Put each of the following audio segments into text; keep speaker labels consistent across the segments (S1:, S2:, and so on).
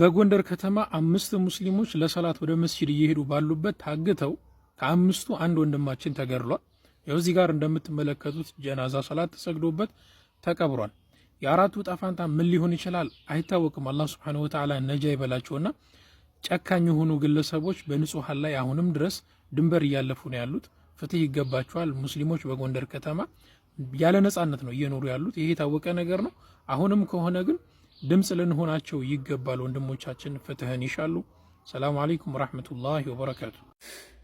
S1: በጎንደር ከተማ አምስት ሙስሊሞች ለሰላት ወደ መስጂድ እየሄዱ ባሉበት ታግተው ከአምስቱ አንድ ወንድማችን ተገድሏል። ያው እዚህ ጋር እንደምትመለከቱት ጀናዛ ሰላት ተሰግዶበት ተቀብሯል። የአራቱ ጣፋንታ ምን ሊሆን ይችላል አይታወቅም። አላህ ሱብሓነሁ ወተዓላ ነጃ ይበላቸውና ጨካኝ የሆኑ ግለሰቦች በንጹሐን ላይ አሁንም ድረስ ድንበር እያለፉ ነው ያሉት። ፍትህ ይገባቸዋል። ሙስሊሞች በጎንደር ከተማ ያለ ነጻነት ነው እየኖሩ ያሉት። ይሄ የታወቀ ነገር ነው። አሁንም ከሆነ ግን ድምፅ ልንሆናቸው ይገባል። ወንድሞቻችን ፍትህን ይሻሉ። ሰላም አለይኩም ወራህመቱላሂ ወበረካቱ።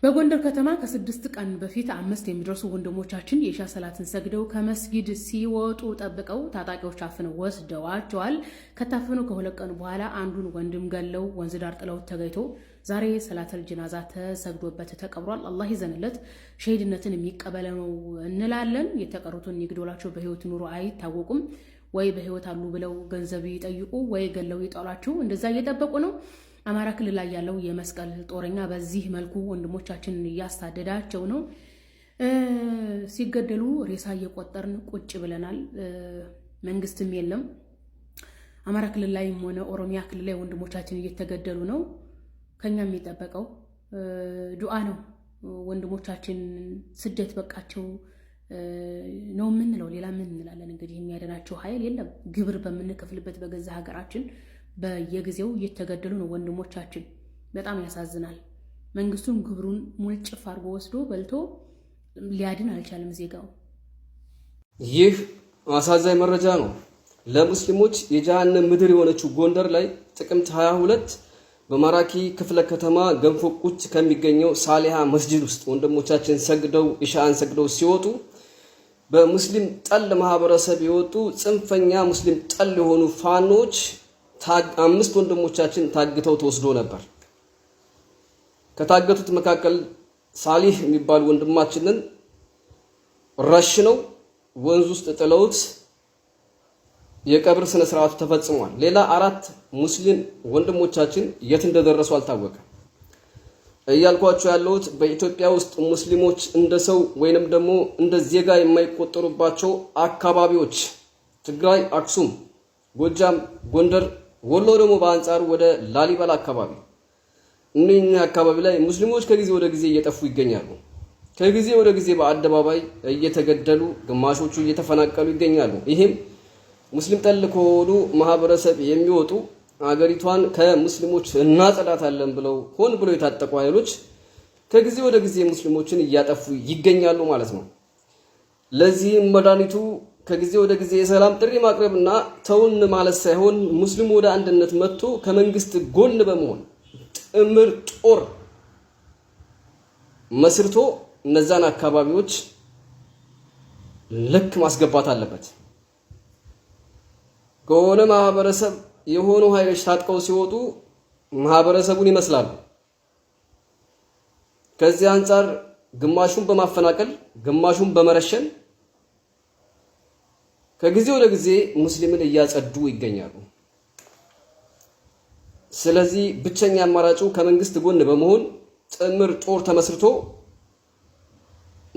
S2: በጎንደር ከተማ ከስድስት ቀን በፊት አምስት የሚደርሱ ወንድሞቻችን የኢሻ ሰላትን ሰግደው ከመስጊድ ሲወጡ ጠብቀው ታጣቂዎች አፍነው ወስደዋቸዋል። ከታፈኑ ከሁለት ቀን በኋላ አንዱን ወንድም ገለው ወንዝ ዳር ጥለው ተገይቶ ዛሬ ሰላተል ጅናዛ ተሰግዶበት ተቀብሯል። አላህ ይዘንለት ሸሂድነትን የሚቀበለ ነው እንላለን። የተቀሩትን ይግደላቸው፣ በህይወት ኑሮ አይታወቁም። ወይ በህይወት አሉ ብለው ገንዘብ ይጠይቁ ወይ ገለው ይጠሏችሁ። እንደዛ እየጠበቁ ነው። አማራ ክልል ላይ ያለው የመስቀል ጦረኛ በዚህ መልኩ ወንድሞቻችንን እያሳደዳቸው ነው። ሲገደሉ ሬሳ እየቆጠርን ቁጭ ብለናል። መንግስትም የለም። አማራ ክልል ላይም ሆነ ኦሮሚያ ክልል ላይ ወንድሞቻችን እየተገደሉ ነው። ከኛ የሚጠበቀው ዱዓ ነው። ወንድሞቻችን ስደት በቃቸው ነው የምንለው። ሌላ ምን እንላለን? እንግዲህ የሚያድናቸው ኃይል የለም። ግብር በምንከፍልበት በገዛ ሀገራችን በየጊዜው እየተገደሉ ነው ወንድሞቻችን። በጣም ያሳዝናል። መንግስቱን ግብሩን ሙልጭፍ አድርጎ ወስዶ በልቶ ሊያድን አልቻለም ዜጋው።
S3: ይህ አሳዛኝ መረጃ ነው። ለሙስሊሞች የጀሃነም ምድር የሆነችው ጎንደር ላይ ጥቅምት 22 በማራኪ ክፍለ ከተማ ገንፎ ቁጭ ከሚገኘው ሳሊሃ መስጂድ ውስጥ ወንድሞቻችን ሰግደው ኢሻአን ሰግደው ሲወጡ በሙስሊም ጠል ማህበረሰብ የወጡ ጽንፈኛ ሙስሊም ጠል የሆኑ ፋኖች አምስት ወንድሞቻችን ታግተው ተወስዶ ነበር። ከታገቱት መካከል ሳሊህ የሚባል ወንድማችንን ረሽነው ወንዝ ውስጥ ጥለውት የቀብር ስነ ስርዓቱ ተፈጽሟል። ሌላ አራት ሙስሊም ወንድሞቻችን የት እንደደረሱ አልታወቀም። እያልኳቸው ያለሁት በኢትዮጵያ ውስጥ ሙስሊሞች እንደ ሰው ወይንም ደግሞ እንደ ዜጋ የማይቆጠሩባቸው አካባቢዎች ትግራይ፣ አክሱም፣ ጎጃም፣ ጎንደር፣ ወሎ ደግሞ በአንጻሩ ወደ ላሊበላ አካባቢ እነኚህ አካባቢ ላይ ሙስሊሞች ከጊዜ ወደ ጊዜ እየጠፉ ይገኛሉ። ከጊዜ ወደ ጊዜ በአደባባይ እየተገደሉ ግማሾቹ እየተፈናቀሉ ይገኛሉ። ይህም ሙስሊም ጠል ከሆኑ ማህበረሰብ የሚወጡ አገሪቷን ከሙስሊሞች እናጸዳታለን ብለው ሆን ብለው የታጠቁ ኃይሎች ከጊዜ ወደ ጊዜ ሙስሊሞችን እያጠፉ ይገኛሉ ማለት ነው። ለዚህም መድኃኒቱ ከጊዜ ወደ ጊዜ የሰላም ጥሪ ማቅረብና ተውን ማለት ሳይሆን ሙስሊሙ ወደ አንድነት መጥቶ ከመንግስት ጎን በመሆን ጥምር ጦር መስርቶ እነዛን አካባቢዎች ልክ ማስገባት አለበት ከሆነ ማህበረሰብ የሆኑ ኃይሎች ታጥቀው ሲወጡ ማህበረሰቡን ይመስላሉ። ከዚህ አንጻር ግማሹን በማፈናቀል ግማሹን በመረሸን ከጊዜ ወደ ጊዜ ሙስሊምን እያጸዱ ይገኛሉ። ስለዚህ ብቸኛ አማራጩ ከመንግስት ጎን በመሆን ጥምር ጦር ተመስርቶ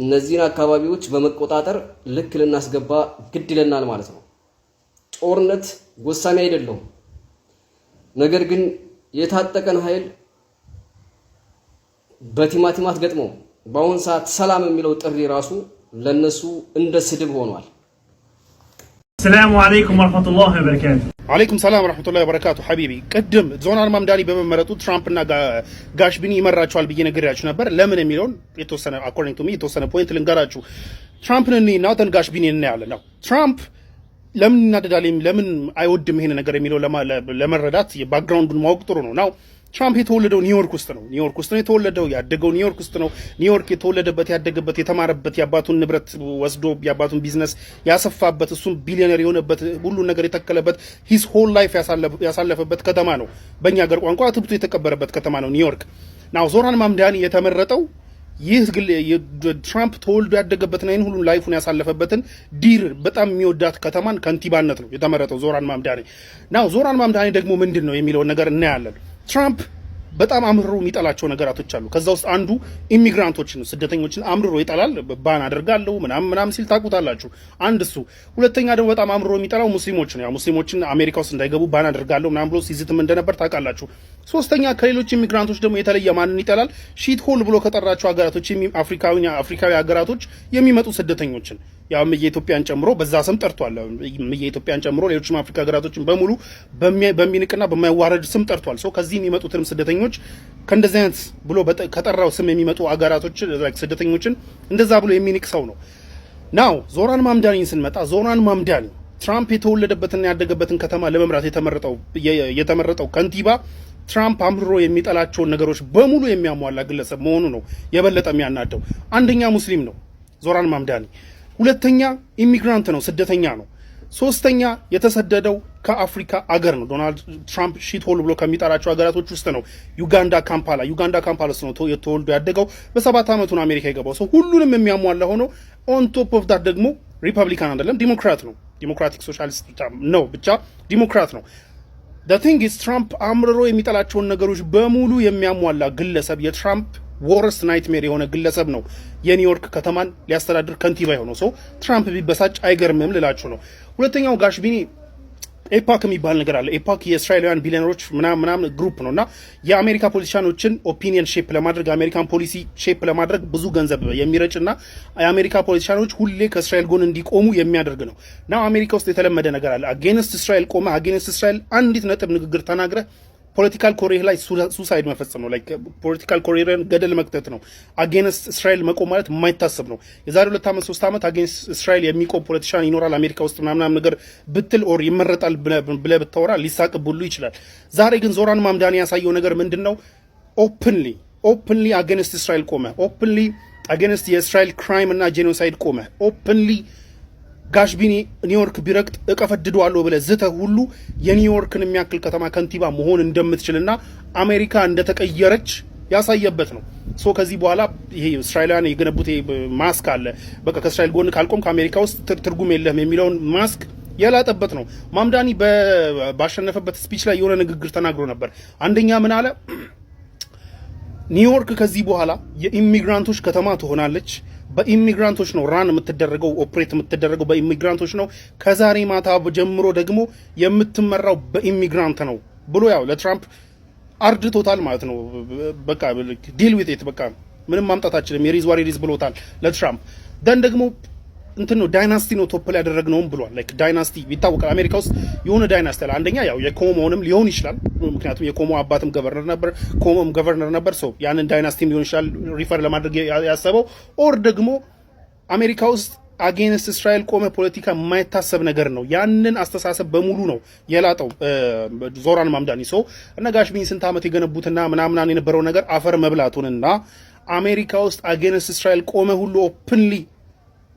S3: እነዚህን አካባቢዎች በመቆጣጠር ልክ ልናስገባ ግድ ይለናል ማለት ነው። ጦርነት ጎሳሚ አይደለውም። ነገር ግን የታጠቀን ኃይል በቲማቲም አትገጥመው። በአሁን ሰዓት ሰላም የሚለው ጥሪ ራሱ ለነሱ እንደ ስድብ ሆኗል።
S1: ሰላሙ አለይኩም ወራህመቱላሂ ወበረካቱ።
S4: አለይኩም ሰላም ወራህመቱላሂ ወበረካቱ። ሐቢቢ ቅድም ዞናል ማምዳኒ በመመረጡ ትራምፕና ጋሽ ይመራቸዋል ብዬ ነግሬያችሁ ነበር። ለምን የሚለውን የተወሰነ አኮርዲንግ ቱ ሚ የተወሰነ ፖይንት ልንገራችሁ። ትራምፕን እኔ እና ተንጋሽ እናያለን ትራምፕ ለምን ይናደዳል፣ ለምን አይወድም ይሄን ነገር የሚለው ለመረዳት የባክግራውንዱን ማወቅ ጥሩ ነው። ናው ትራምፕ የተወለደው ኒውዮርክ ውስጥ ነው። ኒውዮርክ ውስጥ ነው የተወለደው፣ ያደገው ኒውዮርክ ውስጥ ነው። ኒውዮርክ የተወለደበት፣ ያደገበት፣ የተማረበት፣ የአባቱን ንብረት ወስዶ የአባቱን ቢዝነስ ያሰፋበት፣ እሱም ቢሊዮነር የሆነበት፣ ሁሉን ነገር የተከለበት፣ ሂስ ሆል ላይፍ ያሳለፈበት ከተማ ነው። በእኛ ሀገር ቋንቋ ትብቱ የተቀበረበት ከተማ ነው ኒውዮርክ። ናው ዞራን ማምዳኒ የተመረጠው ይህ ትራምፕ ተወልዶ ያደገበትን ይህን ሁሉም ላይፉን ያሳለፈበትን ዲር በጣም የሚወዳት ከተማን ከንቲባነት ነው የተመረጠው ዞራን ማምዳኔ ናው ዞራን ማምዳኔ ደግሞ ምንድን ነው የሚለውን ነገር እናያለን ትራምፕ በጣም አምርሮ የሚጠላቸው ነገራቶች አሉ። ከዛ ውስጥ አንዱ ኢሚግራንቶችን ስደተኞችን አምርሮ ይጠላል። ባን አደርጋለሁ ምናም ምናም ሲል ታውቁታላችሁ። አንድ እሱ። ሁለተኛ ደግሞ በጣም አምርሮ የሚጠላው ሙስሊሞች ነው። ያው ሙስሊሞችን አሜሪካ ውስጥ እንዳይገቡ ባን አደርጋለሁ ምናም ብሎ ሲዝትም እንደነበር ታውቃላችሁ። ሶስተኛ ከሌሎች ኢሚግራንቶች ደግሞ የተለየ ማንን ይጠላል? ሺት ሆል ብሎ ከጠራቸው ሀገራቶች አፍሪካዊ ሀገራቶች የሚመጡ ስደተኞችን ያው እምዬ ኢትዮጵያን ጨምሮ በዛ ስም ጠርቷል። እምዬ ኢትዮጵያን ጨምሮ ሌሎችም አፍሪካ ሀገራቶችን በሙሉ በሚንቅና በማያዋረድ ስም ጠርቷል። ሰው ከዚህ የሚመጡትንም ስደተኞች ከእንደዚህ አይነት ብሎ ከጠራው ስም የሚመጡ አገራቶችን ስደተኞችን እንደዛ ብሎ የሚንቅ ሰው ነው። ናው ዞራን ማምዳኒን ስንመጣ ዞራን ማምዳኒ ትራምፕ የተወለደበትና ያደገበትን ከተማ ለመምራት የተመረጠው ከንቲባ ትራምፕ አምርሮ የሚጠላቸውን ነገሮች በሙሉ የሚያሟላ ግለሰብ መሆኑ ነው የበለጠ የሚያናደው። አንደኛ ሙስሊም ነው ዞራን ማምዳኒ ሁለተኛ ኢሚግራንት ነው፣ ስደተኛ ነው። ሶስተኛ የተሰደደው ከአፍሪካ አገር ነው። ዶናልድ ትራምፕ ሺት ሆል ብሎ ከሚጠራቸው ሀገራቶች ውስጥ ነው ዩጋንዳ ካምፓላ። ዩጋንዳ ካምፓላ ውስጥ ነው ተወልዶ ያደገው። በሰባት ዓመቱ ነው አሜሪካ የገባው ሰው ሁሉንም የሚያሟላ ሆኖ ኦን ቶፕ ኦፍ ዳት ደግሞ ሪፐብሊካን አይደለም ዲሞክራት ነው። ዲሞክራቲክ ሶሻሊስት ነው፣ ብቻ ዲሞክራት ነው። ቲንግ ኢዝ ትራምፕ አምርሮ የሚጠላቸውን ነገሮች በሙሉ የሚያሟላ ግለሰብ የትራምፕ ወርስ ናይትሜር የሆነ ግለሰብ ነው የኒውዮርክ ከተማን ሊያስተዳድር ከንቲባ የሆነው ሰው። ትራምፕ ቢበሳጭ አይገርምም ልላችሁ ነው። ሁለተኛው ጋሽ ቢኒ ኤፓክ የሚባል ነገር አለ። ኤፓክ የእስራኤላውያን ቢሊዮነሮች ምናምን ምናምን ግሩፕ ነው እና የአሜሪካ ፖለቲሻኖችን ኦፒኒየን ሼፕ ለማድረግ አሜሪካን ፖሊሲ ሼፕ ለማድረግ ብዙ ገንዘብ የሚረጭ እና የአሜሪካ ፖለቲሻኖች ሁሌ ከእስራኤል ጎን እንዲቆሙ የሚያደርግ ነው ና አሜሪካ ውስጥ የተለመደ ነገር አለ። አጌንስት እስራኤል ቆመ፣ አጌንስት እስራኤል አንዲት ነጥብ ንግግር ተናግረ ፖለቲካል ኮሪር ላይ ሱሳይድ መፈጸም ነው። ፖለቲካል ኮሪርን ገደል መክተት ነው። አጌንስት እስራኤል መቆም ማለት የማይታሰብ ነው። የዛሬ ሁለት ዓመት ሶስት ዓመት አጌንስት እስራኤል የሚቆም ፖለቲሻን ይኖራል አሜሪካ ውስጥ ምናምናም ነገር ብትል ኦር ይመረጣል ብለ ብታወራ ሊሳቅብ ሁሉ ይችላል። ዛሬ ግን ዞራን ማምዳን ያሳየው ነገር ምንድን ነው? ኦፕንሊ ኦፕንሊ አጌንስት እስራኤል ቆመ። ኦፕንሊ አጌንስት የእስራኤል ክራይም እና ጄኖሳይድ ቆመ። ኦፕንሊ ጋሽቢኒ ኒውዮርክ ቢረግጥ እቀፈድደዋለሁ ብለህ ዝተህ ሁሉ የኒውዮርክን የሚያክል ከተማ ከንቲባ መሆን እንደምትችልና አሜሪካ እንደተቀየረች ያሳየበት ነው። ሶ ከዚህ በኋላ ይሄ እስራኤላውያን የገነቡት ማስክ አለ። በቃ ከእስራኤል ጎን ካልቆም ከአሜሪካ ውስጥ ትርጉም የለህም የሚለውን ማስክ ያላጠበት ነው። ማምዳኒ ባሸነፈበት ስፒች ላይ የሆነ ንግግር ተናግሮ ነበር። አንደኛ ምን አለ ኒውዮርክ ከዚህ በኋላ የኢሚግራንቶች ከተማ ትሆናለች። በኢሚግራንቶች ነው ራን የምትደረገው፣ ኦፕሬት የምትደረገው በኢሚግራንቶች ነው። ከዛሬ ማታ ጀምሮ ደግሞ የምትመራው በኢሚግራንት ነው ብሎ ያው ለትራምፕ አርድቶታል ማለት ነው። በቃ ዲል ዊት ኢት በቃ ምንም ማምጣት አችልም የሪዝ ዋር ሪዝ ብሎታል ለትራምፕ። ደን ደግሞ እንትን ነው ዳይናስቲ ነው ቶፕ ላይ ያደረግነውም ብሏል። ላይክ ዳይናስቲ ይታወቃል። አሜሪካ ውስጥ የሆነ ዳይናስቲ አለ። አንደኛ ያው የኮሞውንም ሊሆን ይችላል፣ ምክንያቱም የኮሞ አባትም ገቨርነር ነበር፣ ኮሞም ገቨርነር ነበር። ሰው ያንን ዳይናስቲ ሊሆን ይችላል ሪፈር ለማድረግ ያሰበው። ኦር ደግሞ አሜሪካ ውስጥ አጌንስት እስራኤል ቆመ ፖለቲካ የማይታሰብ ነገር ነው። ያንን አስተሳሰብ በሙሉ ነው የላጠው ዞራን ማምዳኒ ሰው እነ ጋሽ ስንት ዓመት የገነቡትና ምናምናን የነበረው ነገር አፈር መብላቱንና አሜሪካ ውስጥ አጌንስት እስራኤል ቆመ ሁሉ ኦፕንሊ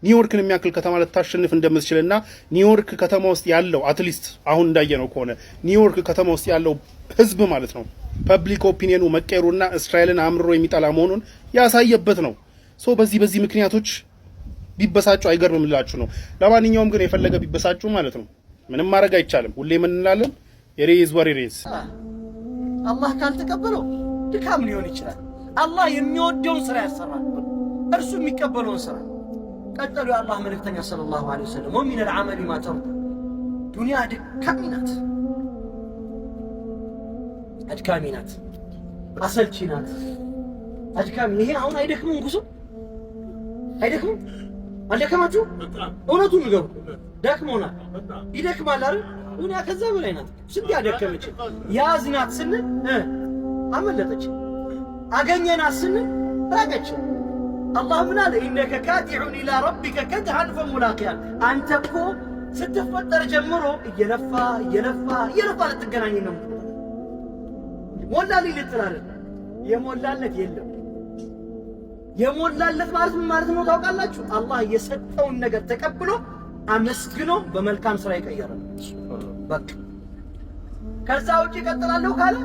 S4: ኒውዮርክን የሚያክል ከተማ ልታሸንፍ እንደምትችልና ኒውዮርክ ከተማ ውስጥ ያለው አትሊስት አሁን እንዳየ ነው ከሆነ ኒውዮርክ ከተማ ውስጥ ያለው ህዝብ ማለት ነው ፐብሊክ ኦፒኒየኑ መቀየሩና እስራኤልን አምርሮ የሚጠላ መሆኑን ያሳየበት ነው። ሶ በዚህ በዚህ ምክንያቶች ቢበሳጩ አይገርምም ላችሁ ነው። ለማንኛውም ግን የፈለገ ቢበሳጩ ማለት ነው ምንም ማድረግ አይቻልም። ሁሌ ምን እንላለን? የሬዝ ወር ሬዝ።
S5: አላህ ካልተቀበለው ድካም ሊሆን ይችላል። አላህ የሚወደውን ስራ ያሰራል፣ እርሱ የሚቀበለውን ስራ ቀጠሉ የአላህ መልእክተኛ ሰለላሁ ዐለይሂ ወሰለም ወሚነል ዐመሊ ማ ተርዱ ዱንያ አድካሚ ናት፣ አድካሚ ናት፣ አሰልቺ ናት፣ አድካሚ ይሄ አሁን አይደክምም፣ ጉዞ አይደክምም። አልደከማችሁ? እውነቱ ንገሩ። ደክሞናል፣ ይደክማል አይደል? ዱንያ ከዛ በላይ ናት። ስንት ያደከመች ያዝናት ስንል አመለጠች፣ አገኘናት ስንል ራቀች። አላህ ምን አለ? ኢነከ ካጢዑን ኢላ ረቢከ ከድሃን ፈሙላቂያን። አንተ እኮ ስትፈጠር ጀምሮ እየለፋ እየለፋ እየለፋ ልትገናኝ ነው። ሞላልኝ ልትላለ የሞላለት የለም። የሞላለት ማለት ምን ማለት ነው ታውቃላችሁ? አላህ የሰጠውን ነገር ተቀብሎ አመስግኖ በመልካም ስራ ይቀየረ። በቃ ከዛ ውጭ ይቀጥላለሁ ካለ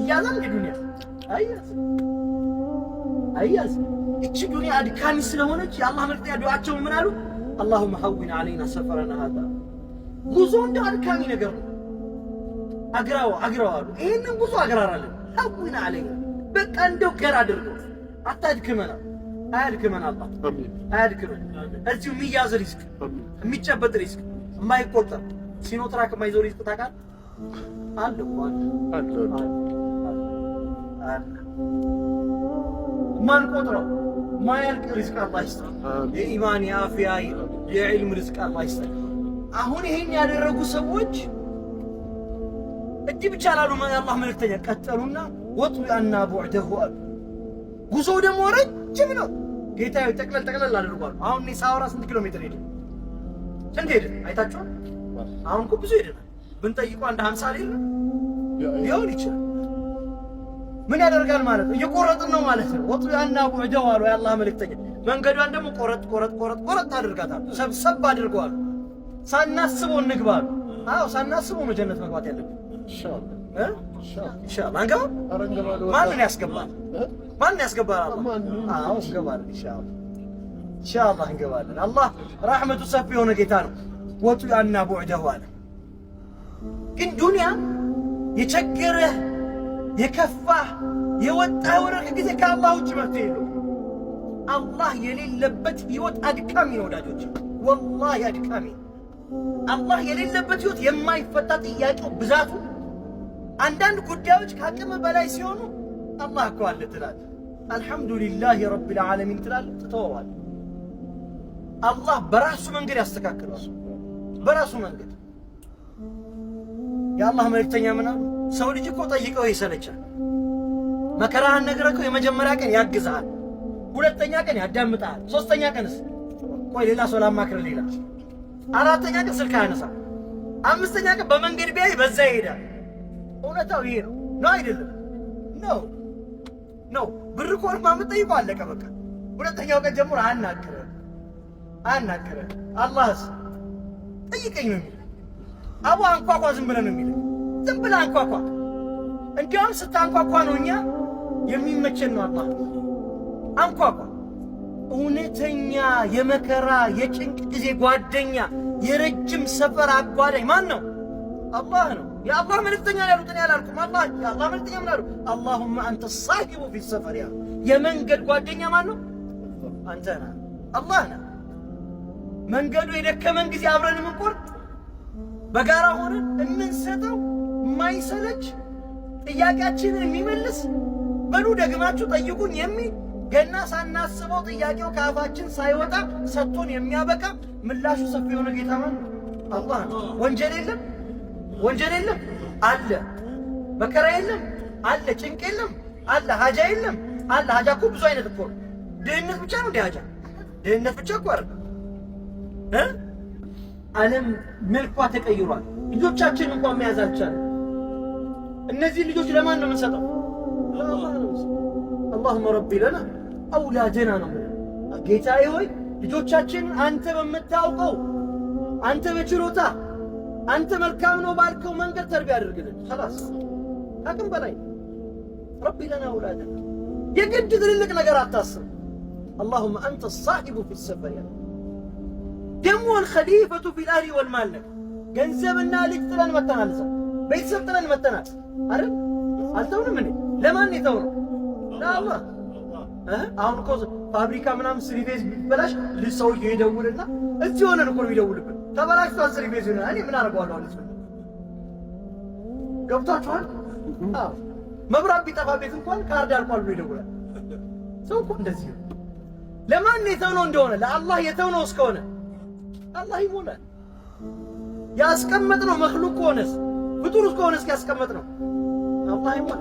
S5: እያዘም የዱንያ አያዝ አያዝ እቺ ዱንያ አድካሚ ስለሆነች የአላህ መልክተኛ ዱዓቸውን ምን አሉ? አላሁመ ሀዊን አለይና ሰፈረና ሀዛ። ጉዞ እንደ አድካሚ ነገር ነው። አግራው አግራው አሉ። ይህንን ጉዞ አግራራለን። ሀዊን አለይና በቃ እንደው ገር አድርገው አታድክመና፣ አያድክመን፣ አላህ አያድክመን። እዚሁ የሚያዝ ሪስክ የሚጨበጥ ሪስክ የማይቆጠር ሲኖትራክ የማይዘው ሪዝቅ ታውቃለህ አለ አለ ማን ቆጥረው ማያልቅ ሪዝቅ አላህ ይስጠን። የኢማን የአፍያ የዕልም ርዝቅ አላህ ይስጠን። አሁን ይሄን ያደረጉ ሰዎች እጅ ብቻ ላሉ አላህ መልእክተኛ ቀጠሉና ያና ቡዕደሁ አሉ። ደግሞ ረጅም ነው። ጌታ ጠቅለል ጠቅለል አሁን እኔ ሳወራ ስንት ኪሎ ሜትር ሄደ? ስንት ሄደ? አይታችኋል። አሁን እኮ ብዙ ሄደናል። ብንጠይቁ አንድ ሀምሳ ሊሆን ይችላል ምን ያደርጋል ማለት ነው? እየቆረጥን ነው ማለት ነው። ወጡ ያና ቡዕደው አሉ የአላህ መልእክተኛ። መንገዷን ደግሞ ቆረጥ ቆረጥ ቆረጥ ቆረጥ አድርጋታል። ሰብሰብ አድርገዋል። ሳናስበው እንግባ አሉ። አዎ ሳናስበው ነው ጀነት መግባት ያለብን። ኢንሻአላህ አንገባ። ማንን ያስገባል? ማንን ያስገባል? አላህ። አዎ እንገባለን። ኢንሻአላህ ኢንሻአላህ እንገባለን። አላህ ራህመቱ ሰፊ የሆነ ጌታ ነው። ወጡ ያና ቡዕደው አለ። ግን ዱንያ የቸገረህ የከፋ የወጣ የሆነ ጊዜ ከአላህ ውጭ መፍትሄ የለው። አላህ የሌለበት ህይወት አድካሚ ነው ወዳጆች፣ ወላሂ አድካሚ። አላህ የሌለበት ህይወት የማይፈታ ጥያቄው ብዛቱ፣ አንዳንድ ጉዳዮች ከአቅም በላይ ሲሆኑ አላህ እኮ አለ ትላለህ፣ አልሐምዱሊላህ ረቢል ዓለሚን ትላለህ፣ ትተወዋለህ። አላህ በራሱ መንገድ ያስተካክለዋል፣ በራሱ መንገድ። የአላህ መልእክተኛ ምን ሰው ልጅ እኮ ጠይቀው ይሰለቻል። መከራህን ነግረህ የመጀመሪያ ቀን ያግዝሃል፣ ሁለተኛ ቀን ያዳምጣል፣ ሶስተኛ ቀንስ ቆይ ሌላ ሰው ላማክር ሌላ፣ አራተኛ ቀን ስልክ ያነሳ፣ አምስተኛ ቀን በመንገድ ቢያይ በዛ ይሄዳል። እውነታው ይሄ ነው ነው አይደለም? ነው ነው። ብር ከሆንማ የምትጠይቀው አለቀ በቃ። ሁለተኛው ቀን ጀምሮ አናግረህ አናግረህ አላህስ ጠይቀኝ ነው የሚለው አቡ አንኳኳ ዝም ብለህ ነው የሚለው ዝም ብላ አንኳኳ። እንዲያውም ስታንኳኳ ነው እኛ የሚመቸን ነው። አላህ አንኳኳ። እውነተኛ የመከራ የጭንቅ ጊዜ ጓደኛ፣ የረጅም ሰፈር አጓዳኝ ማን ነው? አላህ ነው። የአላህ መልእክተኛ ነው ያሉት። እኔ አላልኩም። አላህ የአላህ መልእክተኛ ምን አሉ? አላሁማ አንተ ሳሂቡ ፊ ሰፈር ያ የመንገድ ጓደኛ ማን ነው? አንተ ነህ፣ አላህ ነህ። መንገዱ የደከመን ጊዜ አብረን የምንቆርጥ በጋራ ሆነን የምንሰጠው የማይሰለች ጥያቄያችንን የሚመልስ በሉ ደግማችሁ ጠይቁን የሚል ገና ሳናስበው ጥያቄው ከአፋችን ሳይወጣ ሰጥቶን የሚያበቃ ምላሹ ሰፊ የሆነ ጌታ ማን አላህ። ወንጀል የለም፣ ወንጀል የለም አለ። መከራ የለም አለ። ጭንቅ የለም አለ። ሀጃ የለም አለ። ሀጃ እኮ ብዙ አይነት እኮ ድህነት ብቻ ነው እንደ ሀጃ ድህነት ብቻ እኮ አይደል እ ዓለም መልኳ ተቀይሯል። ልጆቻችን እንኳን መያዝ አልቻለም። እነዚህ ልጆች ለማን ነው የምንሰጠው? አላሁመ ረቢ ለና አውላደና ነው። ጌታዬ ሆይ ልጆቻችን አንተ በምታውቀው አንተ በችሮታ አንተ መልካም ነው ባልከው መንገድ ተርቢያ ያደርግልን። ኸላስ አቅም በላይ ረቢ ለና አውላደና። የግድ ትልልቅ ነገር አታስብ። አላሁመ አንተ ሳሂቡ ፊ ሰፈር ያ ደግሞ አልኸሊፈቱ ፊልአህሊ ወልማል ገንዘብና ልጅ ጥለን መተናንሰው ቤተሰብ ጥለን መተናል አይደል? አልተውንም እንዴ? ለማን ነው ነው? ለአላህ። አሁን እኮ ፋብሪካ ምናምን ስሪ ፌዝ ቢበላሽ ልሰው ይደውልና እዚህ ሆነን እኮ ነው የሚደውልብን። ተበላሽቷል ስሪ ፌዝ ይሆናል። እኔ ምን አደርገዋለሁ? አለ ገብቷችኋል? መብራት ቢጠፋ ቤት እንኳን ካርድ አልቋል ብሎ ይደውላል። ሰው እኮ እንደዚህ ነው። ለማን ነው ነው እንደሆነ ለአላህ የተው ነው እስከሆነ አላህ ይሞላል። ያስቀመጥነው መክሉቅ ከሆነስ ፍጡር እስከሆነ እስኪያስቀመጥ ነው። አላህ ይሞላ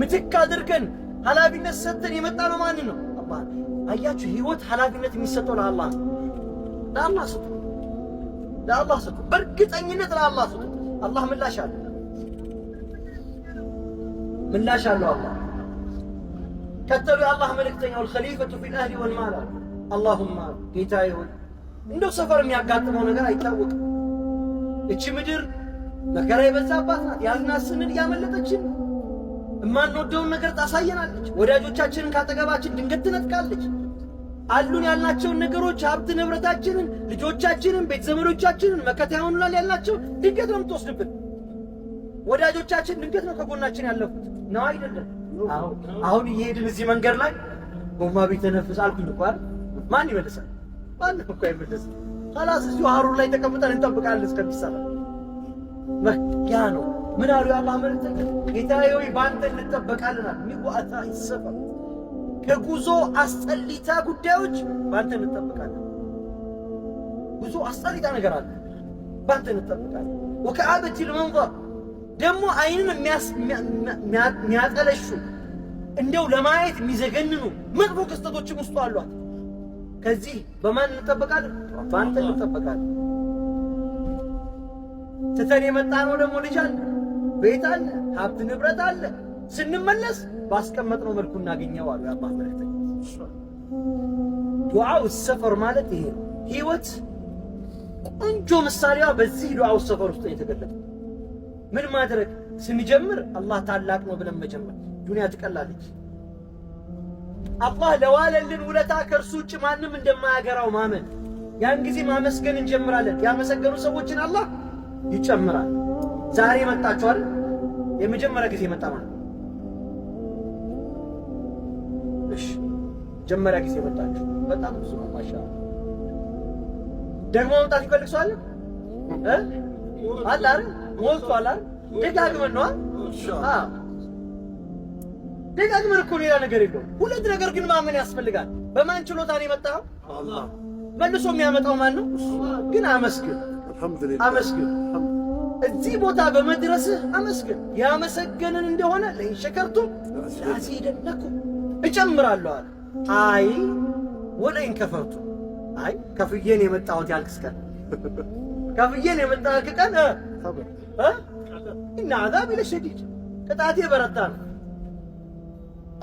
S5: ምትክ አድርገን ኃላፊነት ሰጥተን የመጣ ነው። ማን ነው? አላህ አያችሁ፣ ህይወት ኃላፊነት የሚሰጠው ለአላህ ነው። ለአላህ ስጡ፣ ለአላህ ስጡ፣ በእርግጠኝነት ለአላህ ስጡ። አላህ ምላሽ አለ፣ ምላሽ አለው አላህ ከተሉ የአላህ መልእክተኛው አልኸሊፈቱ ፊል አህሊ ወልማል አሉ። አላሁማ ጌታዬ ሆይ እንደው ሰፈር የሚያጋጥመው ነገር አይታወቅም እቺ ምድር መከራ የበዛባት ናት። ስንል ያመለጠችን እማንወደውን ነገር ታሳየናለች። ወዳጆቻችንን ካጠገባችን ድንገት ትነጥቃለች። አሉን ያልናቸውን ነገሮች ሀብት ንብረታችንን፣ ልጆቻችንን፣ ቤተዘመዶቻችንን ዘመዶቻችንን መከታ ይሆኑናል ያልናቸው ድንገት ነው የምትወስድብን። ወዳጆቻችን ድንገት ነው ከጎናችን ያለፉት ነው አይደለም? አሁን እየሄድን እዚህ መንገድ ላይ ጎማ ቢተነፍስ አልኩኝ እኮ አይደል? ማን ይመልሳል? ማንም እኮ አይመለስም። ላስ እዚሁ ሀሩር ላይ ተቀምጠን እንጠብቃለን እስከሚሰራ ያ ነው። ምን አሉ የአላህ መልእክተኛ? ጌታዬ ሆይ በአንተ እንጠበቃለን አሉ። ሚዋታ ከጉዞ አስጠሊታ ጉዳዮች በአንተ እንጠበቃለን። ጉዞ አስጠሊታ ነገር አለ፣ በአንተ እንጠበቃለን። ወከአበቲ ልመንظር ደግሞ አይንን የሚያጠለሹ እንደው ለማየት የሚዘገንኑ መጥፎ ክስተቶችም ውስጡ አሏት። ከዚህ በማን እንጠበቃለን? በአንተ እንጠበቃለን። ትተን የመጣ ነው ደግሞ ልጅ አለ፣ ቤት አለ፣ ሀብት ንብረት አለ። ስንመለስ ባስቀመጥነው መልኩ እናገኘው አሉ የአባት መልእክተኛ። ዱዓው ሰፈር ማለት ይሄ ነው። ህይወት ቆንጆ ምሳሌዋ በዚህ ዱዓው ሰፈር ውስጥ የተገለጠ ምን ማድረግ ስንጀምር አላህ ታላቅ ነው ብለን መጀመር። ዱንያ ትቀላለች። አላህ ለዋለልን ውለታ ከእርሱ ውጭ ማንም እንደማያገራው ማመን። ያን ጊዜ ማመስገን እንጀምራለን። ያመሰገኑ ሰዎችን አላህ ይጨምራል። ዛሬ መጣችኋል። የመጀመሪያ ጊዜ መጣ ማለት እሺ፣ መጀመሪያ ጊዜ መጣችሁ። በጣም ብዙ ነው። ማሻ ደግሞ መምጣት ይፈልግ ሰው አለ እ አላህ ሞልቷል። ደጋግመን ነው። አዎ ደጋግመን እኮ ሌላ ነገር የለው። ሁለት ነገር ግን ማመን ያስፈልጋል። በማን ችሎታ ነው የመጣኸው? መልሶ የሚያመጣው ማን ነው? ግን አመስግን፣ አመስግን። እዚህ ቦታ በመድረስህ አመስግን። ያመሰገንን እንደሆነ ለኢንሸከርቱም ላዚደነኩም እጨምራለሁ አለ። አይ ወለኢን ከፈርቱ አይ ከፍዬን የመጣሁት ያልክስ ቀን ከፍዬን የመጣህ ቀን እና አዛብ ለሸዲድ ቅጣቴ በረታ ነው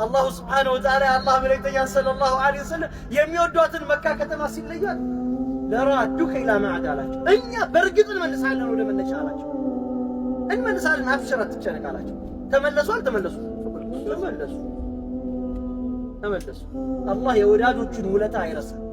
S5: አላሁ ስብሓነሁ ወተዓላ አላህ መልእክተኛ ሰለላሁ ዐለይሂ ወሰለም የሚወዷትን መካ ከተማ ሲለያት ለራዱከ ኢላ ማዕድ አላቸው። እኛ በእርግጥ እንመልሳለን ወደ መነሻ አላቸው። እንመልሳለን፣ አብሽር አትጨነቅ አላቸው። ተመለሱ አልተመለሱ ተመለሱ ተመለሱ። አላህ የወዳጆቹን ውለታ አይረሳም።